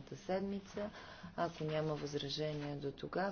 следващата седмица. Ако няма възражения до тогава,